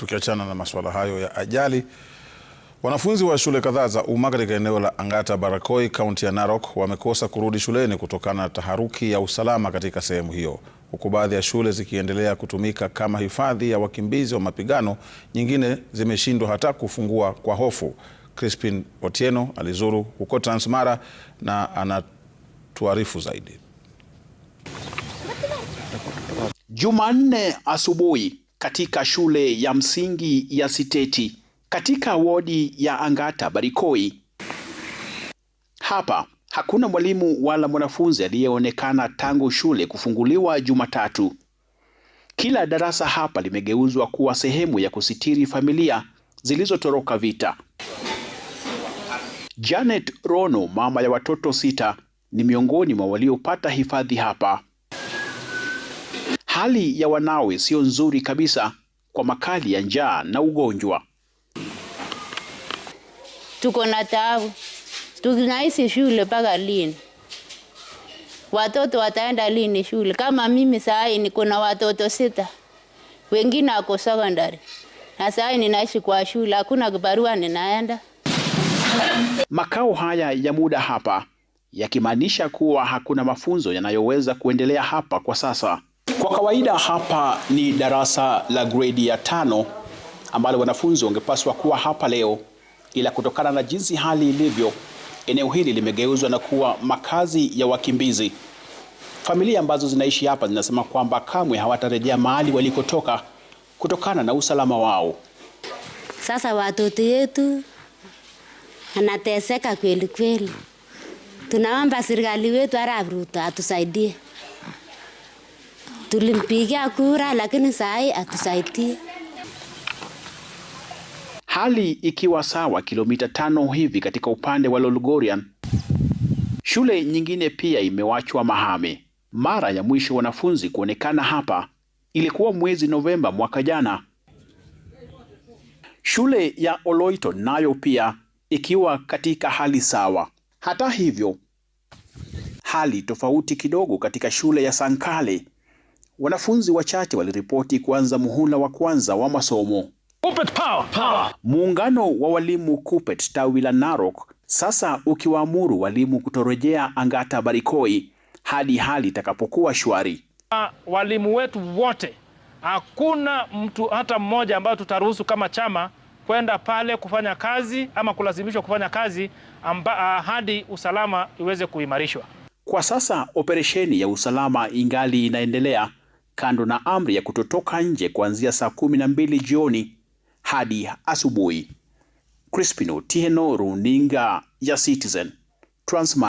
Tukiachana na masuala hayo ya ajali, wanafunzi wa shule kadhaa za umma katika eneo la Angata Barakoi, kaunti ya Narok wamekosa kurudi shuleni kutokana na taharuki ya usalama katika sehemu hiyo, huku baadhi ya shule zikiendelea kutumika kama hifadhi ya wakimbizi wa mapigano, nyingine zimeshindwa hata kufungua kwa hofu. Crispin Otieno alizuru huko Transmara na anatuarifu zaidi. Jumanne asubuhi katika shule ya msingi ya Siteti katika wodi ya Angata Barikoi. Hapa hakuna mwalimu wala mwanafunzi aliyeonekana tangu shule kufunguliwa Jumatatu. Kila darasa hapa limegeuzwa kuwa sehemu ya kusitiri familia zilizotoroka vita. Janet Rono, mama ya watoto sita, ni miongoni mwa waliopata hifadhi hapa. Hali ya wanawe siyo nzuri kabisa kwa makali ya njaa na ugonjwa. Tuko na tabu, tunaishi shule mpaka lini? Watoto wataenda lini shule? Kama mimi sahii niko na watoto sita, wengine wako sekondari, na sahii ninaishi kwa shule, hakuna kibarua ninaenda. Makao haya ya muda hapa yakimaanisha kuwa hakuna mafunzo yanayoweza kuendelea hapa kwa sasa. Kwa kawaida hapa ni darasa la gredi ya tano ambalo wanafunzi wangepaswa kuwa hapa leo, ila kutokana na jinsi hali ilivyo, eneo hili limegeuzwa na kuwa makazi ya wakimbizi. Familia ambazo zinaishi hapa zinasema kwamba kamwe hawatarejea mahali walikotoka kutokana na usalama wao. Sasa watoto wetu anateseka kweli kweli, tunaomba serikali wetu Arap Ruto atusaidie tulimpigia kura lakini sahi atusaidie. Hali ikiwa sawa kilomita tano hivi katika upande wa Lolgorian. Shule nyingine pia imewachwa mahame. Mara ya mwisho wanafunzi kuonekana hapa ilikuwa mwezi Novemba mwaka jana. Shule ya Oloito nayo pia ikiwa katika hali sawa. Hata hivyo, hali tofauti kidogo katika shule ya Sankale wanafunzi wachache waliripoti kuanza muhula wa kwanza wa masomo. Muungano wa walimu Kupet tawi la Narok sasa ukiwaamuru walimu kutorejea Angata Barikoi hadi hali itakapokuwa shwari. Walimu wetu wote, hakuna mtu hata mmoja ambayo tutaruhusu kama chama kwenda pale kufanya kazi ama kulazimishwa kufanya kazi amba, hadi usalama iweze kuimarishwa. Kwa sasa operesheni ya usalama ingali inaendelea kando na amri ya kutotoka nje kuanzia saa kumi na mbili jioni hadi asubuhi. Crispino Tieno, runinga ya Citizen Transma